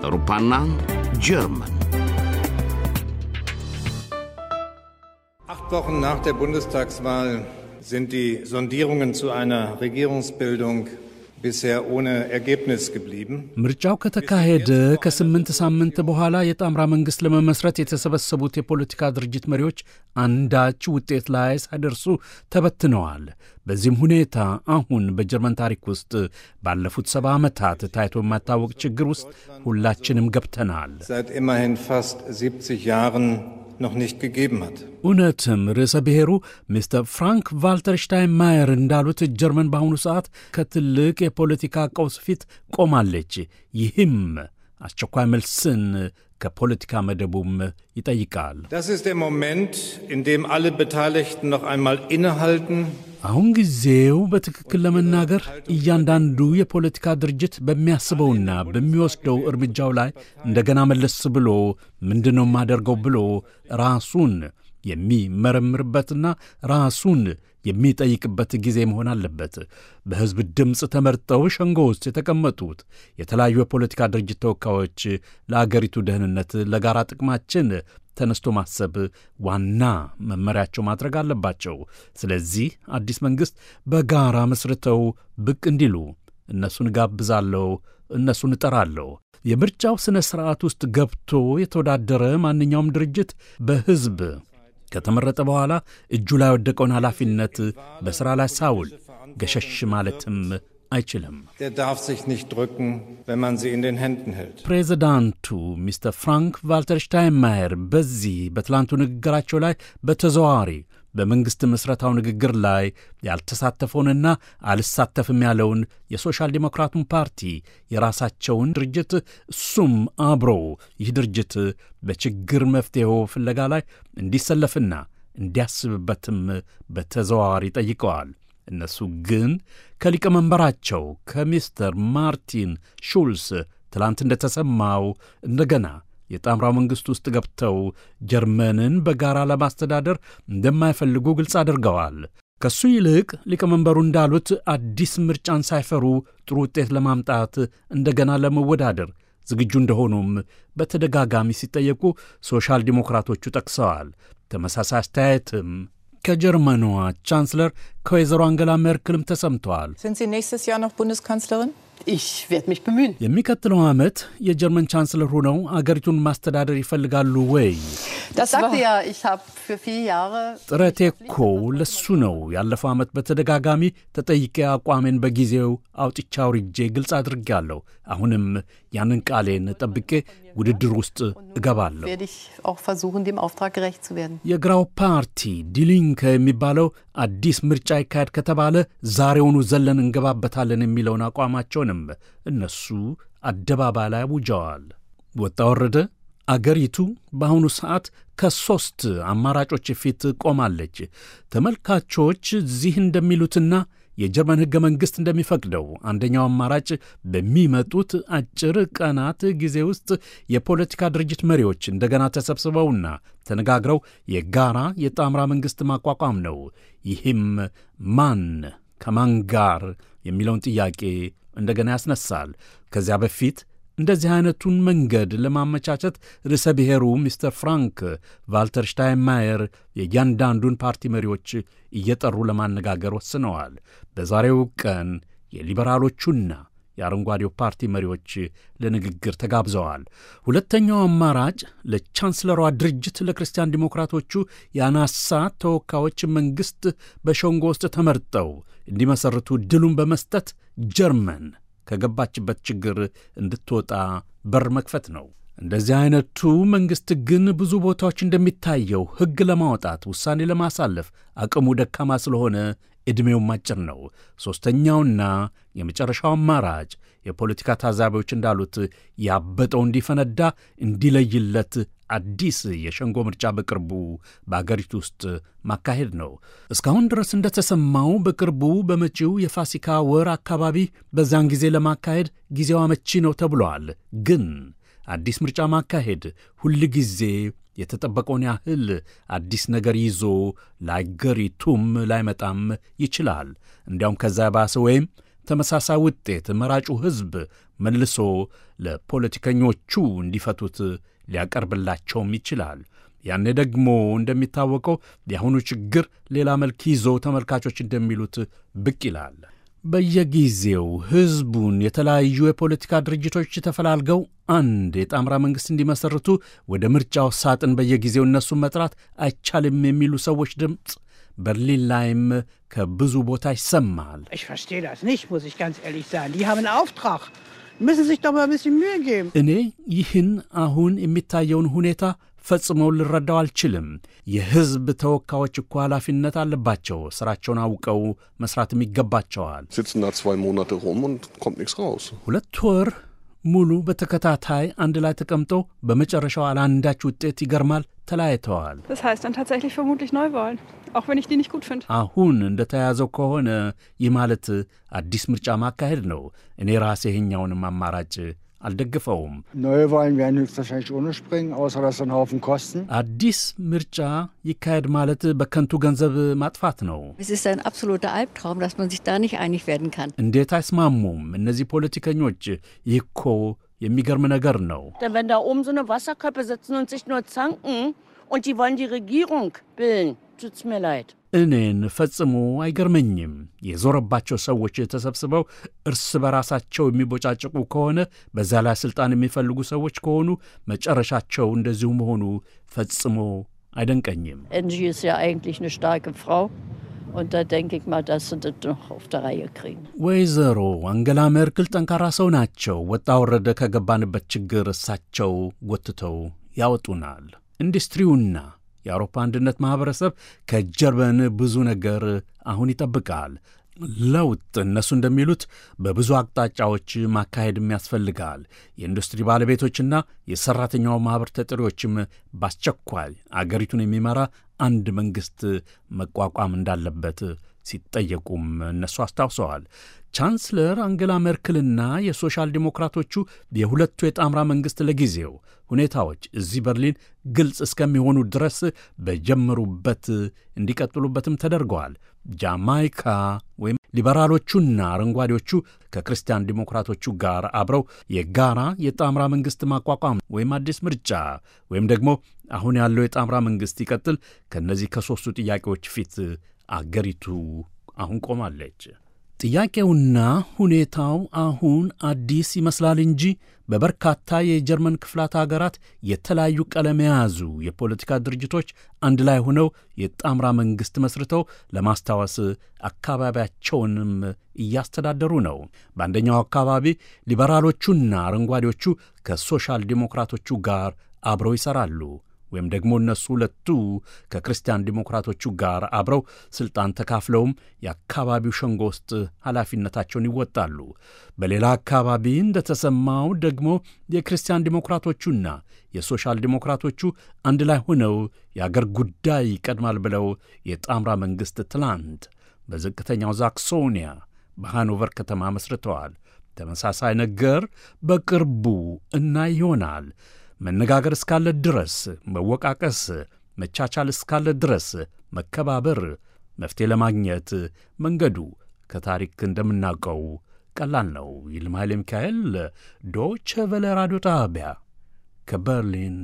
Rupanan German. Acht Wochen nach der Bundestagswahl sind die Sondierungen zu einer Regierungsbildung ምርጫው ከተካሄደ ከስምንት ሳምንት በኋላ የጣምራ መንግሥት ለመመስረት የተሰበሰቡት የፖለቲካ ድርጅት መሪዎች አንዳች ውጤት ላይ ሳይደርሱ ተበትነዋል። በዚህም ሁኔታ አሁን በጀርመን ታሪክ ውስጥ ባለፉት ሰባ ዓመታት ታይቶ የማይታወቅ ችግር ውስጥ ሁላችንም ገብተናል። noch nicht gegeben hat። እውነትም ርዕሰ ብሔሩ ሚስተር ፍራንክ ቫልተር ሽታይንማየር እንዳሉት ጀርመን በአሁኑ ሰዓት ከትልቅ የፖለቲካ ቀውስ ፊት ቆማለች። ይህም አስቸኳይ መልስን ከፖለቲካ መደቡም ይጠይቃል። አሁን ጊዜው በትክክል ለመናገር እያንዳንዱ የፖለቲካ ድርጅት በሚያስበውና በሚወስደው እርምጃው ላይ እንደገና መለስ ብሎ ምንድነው የማደርገው ብሎ ራሱን የሚመረምርበትና ራሱን የሚጠይቅበት ጊዜ መሆን አለበት። በሕዝብ ድምፅ ተመርጠው ሸንጎ ውስጥ የተቀመጡት የተለያዩ የፖለቲካ ድርጅት ተወካዮች ለአገሪቱ ደህንነት፣ ለጋራ ጥቅማችን ተነስቶ ማሰብ ዋና መመሪያቸው ማድረግ አለባቸው። ስለዚህ አዲስ መንግሥት በጋራ መስርተው ብቅ እንዲሉ እነሱን ጋብዛለሁ፣ እነሱን እጠራለሁ። የምርጫው ሥነ ሥርዓት ውስጥ ገብቶ የተወዳደረ ማንኛውም ድርጅት በሕዝብ ከተመረጠ በኋላ እጁ ላይ ወደቀውን ኃላፊነት በሥራ ላይ ሳውል ገሸሽ ማለትም አይችልም። ፕሬዚዳንቱ ሚስተር ፍራንክ ቫልተር ሽታይንማየር በዚህ በትላንቱ ንግግራቸው ላይ በተዘዋዋሪ በመንግሥት ምስረታው ንግግር ላይ ያልተሳተፈውንና አልሳተፍም ያለውን የሶሻል ዲሞክራቱን ፓርቲ የራሳቸውን ድርጅት እሱም አብሮ ይህ ድርጅት በችግር መፍትሄው ፍለጋ ላይ እንዲሰለፍና እንዲያስብበትም በተዘዋዋሪ ጠይቀዋል። እነሱ ግን ከሊቀመንበራቸው ከሚስተር ማርቲን ሹልስ ትላንት እንደተሰማው እንደገና የጣምራ መንግሥት ውስጥ ገብተው ጀርመንን በጋራ ለማስተዳደር እንደማይፈልጉ ግልጽ አድርገዋል። ከሱ ይልቅ ሊቀመንበሩ እንዳሉት አዲስ ምርጫን ሳይፈሩ ጥሩ ውጤት ለማምጣት እንደገና ለመወዳደር ዝግጁ እንደሆኑም በተደጋጋሚ ሲጠየቁ ሶሻል ዲሞክራቶቹ ጠቅሰዋል። ተመሳሳይ አስተያየትም ከጀርመኗ ቻንስለር ከወይዘሮ አንገላ ሜርክልም ተሰምተዋል። የሚቀጥለው ዓመት የጀርመን ቻንስለር ሆነው አገሪቱን ማስተዳደር ይፈልጋሉ ወይ? sagte ja, ich habe für vier Jahre ጥረቴ እኮ ለሱ ነው። ያለፈው ዓመት በተደጋጋሚ ተጠይቄ አቋሜን በጊዜው አውጥቼ አውርጄ ግልጽ አድርጌያለሁ። አሁንም ያንን ቃሌን ጠብቄ ውድድር ውስጥ እገባለሁ። የግራው ፓርቲ ዲሊንከ የሚባለው አዲስ ምርጫ ይካሄድ ከተባለ ዛሬውኑ ዘለን እንገባበታለን የሚለውን አቋማቸውንም እነሱ አደባባይ ላይ አውጀዋል። ወጣ ወረደ አገሪቱ በአሁኑ ሰዓት ከሦስት አማራጮች ፊት ቆማለች። ተመልካቾች እዚህ እንደሚሉትና የጀርመን ሕገ መንግሥት እንደሚፈቅደው አንደኛው አማራጭ በሚመጡት አጭር ቀናት ጊዜ ውስጥ የፖለቲካ ድርጅት መሪዎች እንደገና ተሰብስበውና ተነጋግረው የጋራ የጣምራ መንግሥት ማቋቋም ነው። ይህም ማን ከማን ጋር የሚለውን ጥያቄ እንደገና ያስነሳል። ከዚያ በፊት እንደዚህ አይነቱን መንገድ ለማመቻቸት ርዕሰ ብሔሩ ሚስተር ፍራንክ ቫልተር ሽታይንማየር የእያንዳንዱን ፓርቲ መሪዎች እየጠሩ ለማነጋገር ወስነዋል። በዛሬው ቀን የሊበራሎቹና የአረንጓዴው ፓርቲ መሪዎች ለንግግር ተጋብዘዋል። ሁለተኛው አማራጭ ለቻንስለሯ ድርጅት ለክርስቲያን ዲሞክራቶቹ የአናሳ ተወካዮች መንግሥት በሸንጎ ውስጥ ተመርጠው እንዲመሠርቱ ድሉን በመስጠት ጀርመን ከገባችበት ችግር እንድትወጣ በር መክፈት ነው። እንደዚህ አይነቱ መንግሥት ግን ብዙ ቦታዎች እንደሚታየው ሕግ ለማውጣት ውሳኔ ለማሳለፍ አቅሙ ደካማ ስለሆነ ዕድሜውም አጭር ነው። ሦስተኛውና የመጨረሻው አማራጭ የፖለቲካ ታዛቢዎች እንዳሉት ያበጠው እንዲፈነዳ እንዲለይለት አዲስ የሸንጎ ምርጫ በቅርቡ በአገሪቱ ውስጥ ማካሄድ ነው። እስካሁን ድረስ እንደተሰማው በቅርቡ በመጪው የፋሲካ ወር አካባቢ በዛን ጊዜ ለማካሄድ ጊዜው አመቺ ነው ተብሏል። ግን አዲስ ምርጫ ማካሄድ ሁል ጊዜ የተጠበቀውን ያህል አዲስ ነገር ይዞ ለአገሪቱም ላይመጣም ይችላል። እንዲያውም ከዛ ባሰ ወይም ተመሳሳይ ውጤት መራጩ ሕዝብ መልሶ ለፖለቲከኞቹ እንዲፈቱት ሊያቀርብላቸውም ይችላል። ያኔ ደግሞ እንደሚታወቀው የአሁኑ ችግር ሌላ መልክ ይዞ ተመልካቾች እንደሚሉት ብቅ ይላል። በየጊዜው ሕዝቡን የተለያዩ የፖለቲካ ድርጅቶች ተፈላልገው አንድ የጣምራ መንግሥት እንዲመሠርቱ ወደ ምርጫው ሳጥን በየጊዜው እነሱን መጥራት አይቻልም የሚሉ ሰዎች ድምፅ በርሊን ላይም ከብዙ ቦታ ይሰማል። müssen sich doch mal ein bisschen እኔ ይህን አሁን የሚታየውን ሁኔታ ፈጽመው ልረዳው አልችልም። የሕዝብ ተወካዮች እኮ ኃላፊነት አለባቸው። ሥራቸውን አውቀው መሥራትም ይገባቸዋል። ሁለት ወር ሙሉ በተከታታይ አንድ ላይ ተቀምጠው በመጨረሻው አላንዳች ውጤት ይገርማል ተለያይተዋል። አሁን እንደተያዘው ከሆነ ይህ ማለት አዲስ ምርጫ ማካሄድ ነው። እኔ ራሴ ይህኛውንም አማራጭ አልደግፈውም። አዲስ ምርጫ ይካሄድ ማለት በከንቱ ገንዘብ ማጥፋት ነው። እንዴት አይስማሙም እነዚህ ፖለቲከኞች? ይህ እኮ የሚገርም ነገር ነው። እኔን ፈጽሞ አይገርመኝም። የዞረባቸው ሰዎች ተሰብስበው እርስ በራሳቸው የሚቦጫጭቁ ከሆነ በዛ ላይ ሥልጣን የሚፈልጉ ሰዎች ከሆኑ መጨረሻቸው እንደዚሁ መሆኑ ፈጽሞ አይደንቀኝም። ወይዘሮ አንገላ ሜርክል ጠንካራ ሰው ናቸው። ወጣ ወረደ ከገባንበት ችግር እሳቸው ጎትተው ያወጡናል። ኢንዱስትሪውና የአውሮፓ አንድነት ማኅበረሰብ ከጀርመን ብዙ ነገር አሁን ይጠብቃል። ለውጥ እነሱ እንደሚሉት በብዙ አቅጣጫዎች ማካሄድም ያስፈልጋል። የኢንዱስትሪ ባለቤቶችና የሠራተኛው ማኅበር ተጠሪዎችም በአስቸኳይ አገሪቱን የሚመራ አንድ መንግሥት መቋቋም እንዳለበት ሲጠየቁም እነሱ አስታውሰዋል። ቻንስለር አንገላ ሜርክልና የሶሻል ዲሞክራቶቹ የሁለቱ የጣምራ መንግሥት ለጊዜው ሁኔታዎች እዚህ በርሊን ግልጽ እስከሚሆኑ ድረስ በጀመሩበት እንዲቀጥሉበትም ተደርገዋል። ጃማይካ ወይም ሊበራሎቹና አረንጓዴዎቹ ከክርስቲያን ዲሞክራቶቹ ጋር አብረው የጋራ የጣምራ መንግሥት ማቋቋም ወይም አዲስ ምርጫ ወይም ደግሞ አሁን ያለው የጣምራ መንግሥት ይቀጥል ከእነዚህ ከሦስቱ ጥያቄዎች ፊት አገሪቱ አሁን ቆማለች። ጥያቄውና ሁኔታው አሁን አዲስ ይመስላል እንጂ በበርካታ የጀርመን ክፍላት አገራት የተለያዩ ቀለም የያዙ የፖለቲካ ድርጅቶች አንድ ላይ ሆነው የጣምራ መንግሥት መስርተው ለማስታወስ አካባቢያቸውንም እያስተዳደሩ ነው። በአንደኛው አካባቢ ሊበራሎቹና አረንጓዴዎቹ ከሶሻል ዲሞክራቶቹ ጋር አብረው ይሠራሉ። ወይም ደግሞ እነሱ ሁለቱ ከክርስቲያን ዲሞክራቶቹ ጋር አብረው ስልጣን ተካፍለውም የአካባቢው ሸንጎ ውስጥ ኃላፊነታቸውን ይወጣሉ። በሌላ አካባቢ እንደተሰማው ደግሞ የክርስቲያን ዲሞክራቶቹና የሶሻል ዲሞክራቶቹ አንድ ላይ ሆነው የአገር ጉዳይ ይቀድማል ብለው የጣምራ መንግሥት ትላንት በዝቅተኛው ዛክሶኒያ በሃኖቨር ከተማ መስርተዋል። ተመሳሳይ ነገር በቅርቡ እና ይሆናል። መነጋገር እስካለ ድረስ መወቃቀስ፣ መቻቻል እስካለ ድረስ መከባበር፣ መፍትሄ ለማግኘት መንገዱ ከታሪክ እንደምናውቀው ቀላል ነው። ይልማ ኃይለ ሚካኤል ዶቸ ቨለ ራዲዮ ጣቢያ ከበርሊን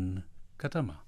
ከተማ